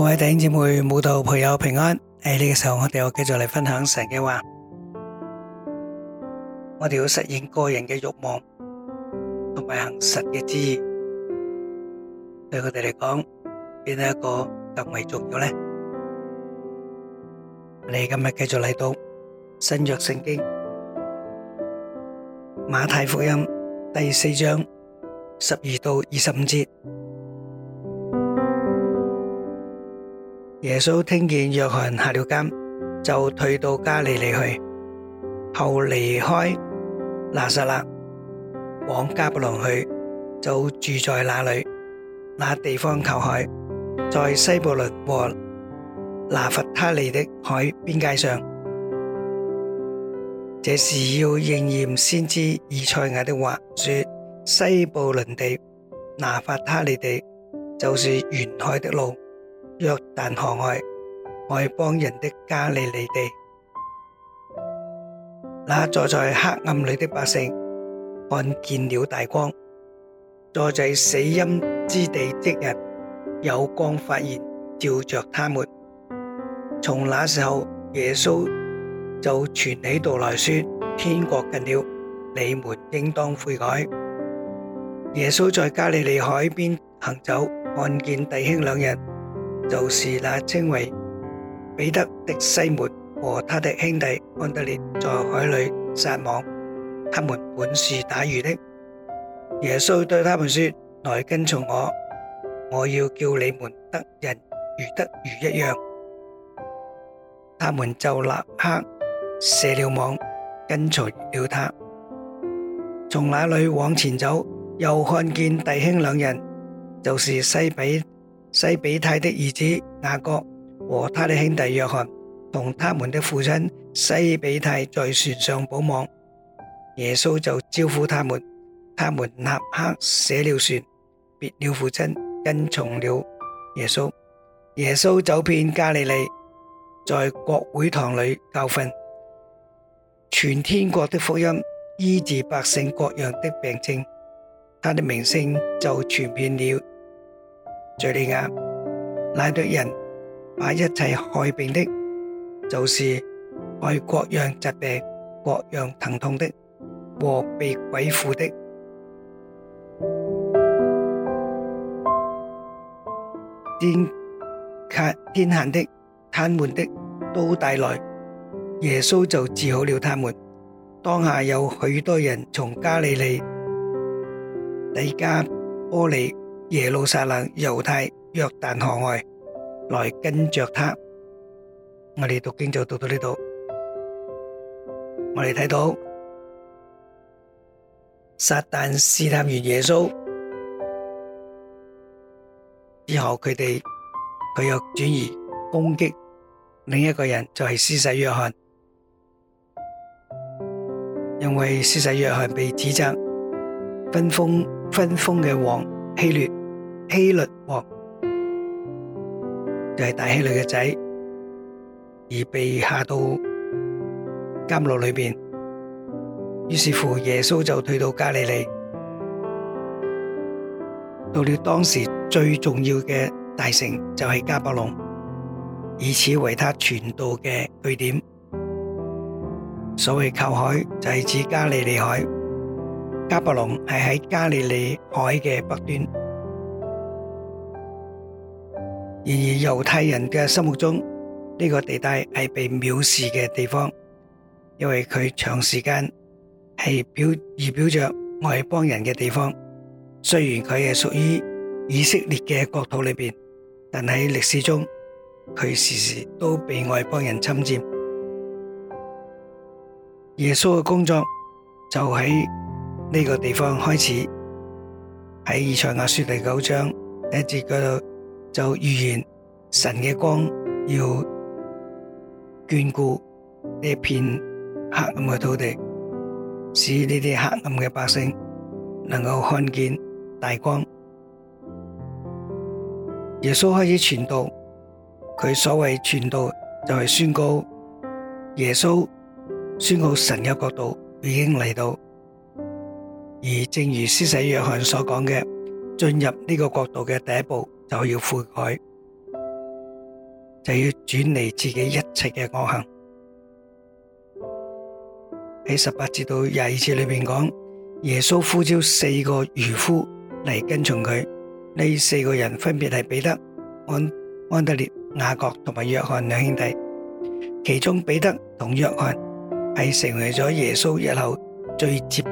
各位弟兄姊妹、慕道、朋友平安。喺呢個時候，我哋要繼續嚟分享神嘅話。我哋要實現個人嘅慾望，同埋行神嘅旨意，對佢哋嚟講，邊一個更為重要咧。我哋今日繼續嚟到新約聖經馬太福音第四章十二到二十五節。耶穌聽見約翰下了監，就退到加利利去，後離開拿撒勒，往迦百農去，就住在那裏。那地方靠海，在西布倫和拿弗他利的海邊界上。這是要應驗先知以賽亞的話，說：西布倫地、拿弗他利地，就是沿海的路。約旦河外，外邦人的加利利地，那坐在黑暗裏的百姓看見了大光，坐在死蔭之地的人有光發現照着他們。從那時候，耶穌就傳起道來說：天國近了，你們應當悔改。耶穌在加利利海邊行走，看見弟兄兩人。就是那稱為彼得的西門和他的兄弟安德烈，在海裏撒網，他們本是打魚的。耶穌對他們說：來跟從我，我要叫你們得人如得魚一樣。他們就立刻卸了網，跟隨了他。從那裏往前走，又看見弟兄兩人，就是西比。西比泰的兒子雅各和他的兄弟約翰同他們的父親西比泰在船上補網。耶穌就招呼他們，他們立刻捨了船，別了父親，跟從了耶穌。耶穌走遍加利利，在各會堂裏教訓，全天國的福音，醫治百姓各樣的病症，他的名聲就傳遍了。敘利亞那對人，把一切害病的，就是愛各樣疾病、各樣疼痛的和被鬼附的、癲、卡癲癇的、癱瘓的，都帶來，耶穌就治好了他們。當下有許多人從加利利、底加波利。耶路撒冷、猶太、約但河外，來跟着他。我哋讀經就讀到呢度，我哋睇到撒但試探完耶穌之後，佢哋佢又轉移攻擊另一個人，就係施洗約翰，因為施洗約翰被指責分封分封嘅王希律。希律王就係大希律嘅仔，而被下到監牢裏面。於是乎，耶穌就退到加利利，到了當時最重要嘅大城，就係加伯農，以此為他傳道嘅據點。所謂靠海，就係指加利利海。加伯農係喺加利利海嘅北端。然而，猶太人嘅心目中呢，這個地帶係被藐視嘅地方，因為佢長時間係表意，而表着外邦人嘅地方。雖然佢係屬於以色列嘅國土裏邊，但喺歷史中佢時時都被外邦人侵佔。耶穌嘅工作就喺呢個地方開始，喺以賽亞書第九章第一節嗰度，就預言神嘅光要眷顧呢片黑暗嘅土地，使呢啲黑暗嘅百姓能夠看見大光。耶穌開始傳道，佢所謂傳道就係宣告耶穌宣告神嘅國度已經嚟到，而正如施洗約翰所講嘅，進入呢個國度嘅第一步。就要悔改，就要轉離自己一切嘅惡行。喺十八至到廿二節裏邊講，耶穌呼召四個漁夫嚟跟隨佢。呢四個人分別係彼得、安安德烈、雅各同埋約翰兩兄弟。其中彼得同約翰係成為咗耶穌日後最接、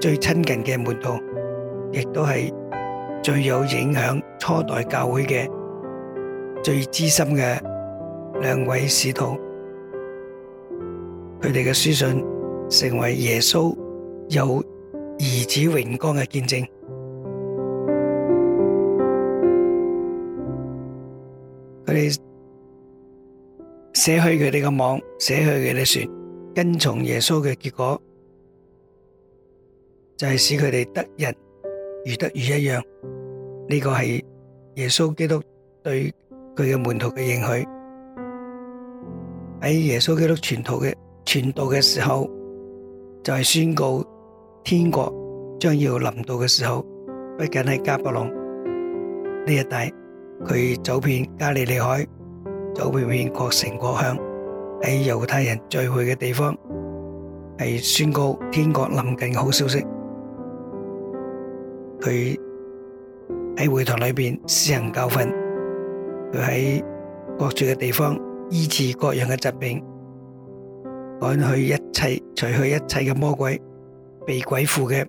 最親近嘅門徒，亦都係。最有影響初代教會嘅最資深嘅兩位使徒，佢哋嘅書信成為耶穌有兒子榮光嘅見證。佢哋寫去佢哋嘅網，寫去佢哋船，跟從耶穌嘅結果就係使佢哋得人。如得如一樣，呢、這個是耶穌基督對佢嘅門徒嘅應許。喺耶穌基督傳的傳道嘅時候，就是宣告天國將要臨到嘅時候。不僅係迦百農呢一帶，佢走遍加利利海，走遍各城各鄉，喺猶太人聚會嘅地方，是宣告天國臨近嘅好消息。佢喺會堂裏邊施行教訓；佢喺各處嘅地方醫治各樣嘅疾病，趕去一切、除去一切嘅魔鬼，被鬼附嘅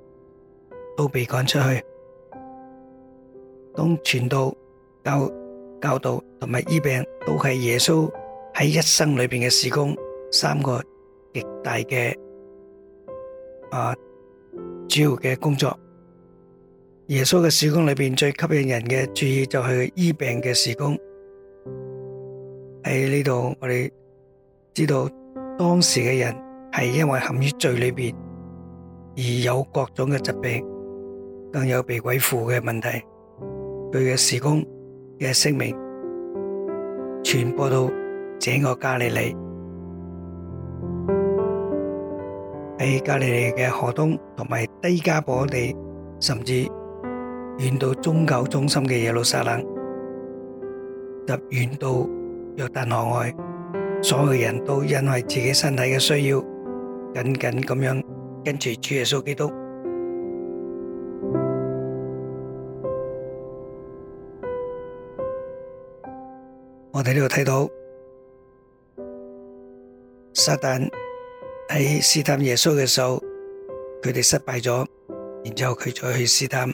都被趕出去。當傳道、教教導同埋醫病，都係耶穌喺一生裏邊嘅事工，三個極大嘅啊主要嘅工作。耶穌嘅事工裏面最吸引人嘅注意就係醫病嘅事工。喺呢度我哋知道當時嘅人係因為陷於罪裏面，而有各種嘅疾病，更有被鬼附嘅問題。佢嘅事工嘅聲明傳播到整個加利利，喺加利利嘅河東同埋低加波地，甚至。遠到宗教中心嘅耶路撒冷，入遠到約旦河外，所有人都因為自己身體嘅需要，緊緊咁樣跟住主耶穌基督。我喺呢度睇到，撒旦喺試探耶穌嘅時候，佢哋失敗咗，然之後佢再去試探。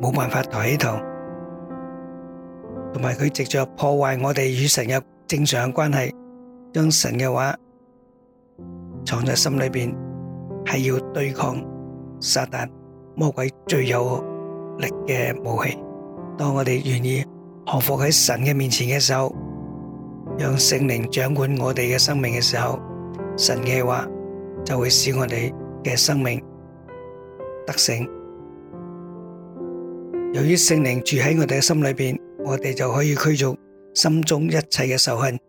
冇辦法抬起頭，同埋佢直接破壞我哋與神嘅正常嘅關係，將神嘅話藏在心裏面，係要對抗撒旦魔鬼最有力嘅武器。當我哋願意降服喺神嘅面前嘅時候，讓聖靈掌管我哋嘅生命嘅時候，神嘅話就會使我哋嘅生命得勝。由於聖靈住喺我哋嘅心裏邊，我哋就可以驅逐心中一切嘅仇恨，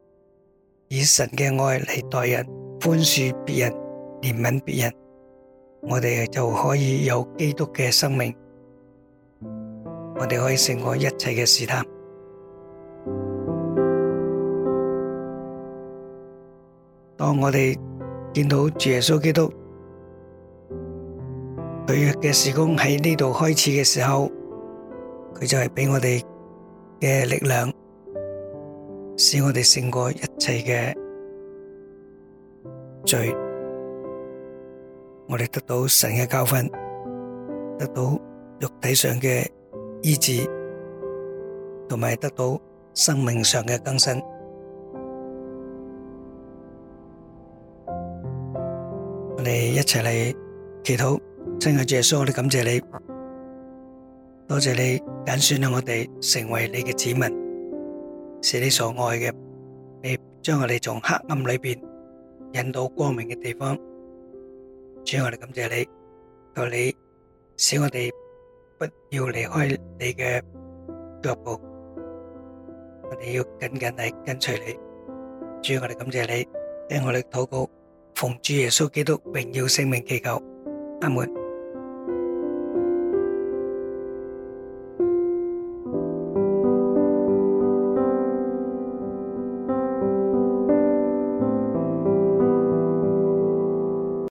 以神嘅愛嚟待人，寬恕別人，憐憫別人，我哋就可以有基督嘅生命。我哋可以勝過一切嘅試探。當我哋見到主耶穌基督，佢嘅時光喺呢度開始嘅時候。佢就係俾我哋嘅力量，使我哋勝過一切嘅罪。我哋得到神嘅教訓，得到肉體上嘅醫治，同埋得到生命上嘅更新。我哋一齊嚟祈禱，親愛嘅耶穌，我哋感謝你。多謝你揀選我哋成為你嘅子民，是你所愛嘅，你將我哋從黑暗裏面引到光明嘅地方。主，我哋感謝你，求你使我哋不要離開你嘅腳步，我哋要緊緊地跟隨你。主，我哋感謝你，我哋禱告奉主耶穌基督榮耀聖名祈求，阿門。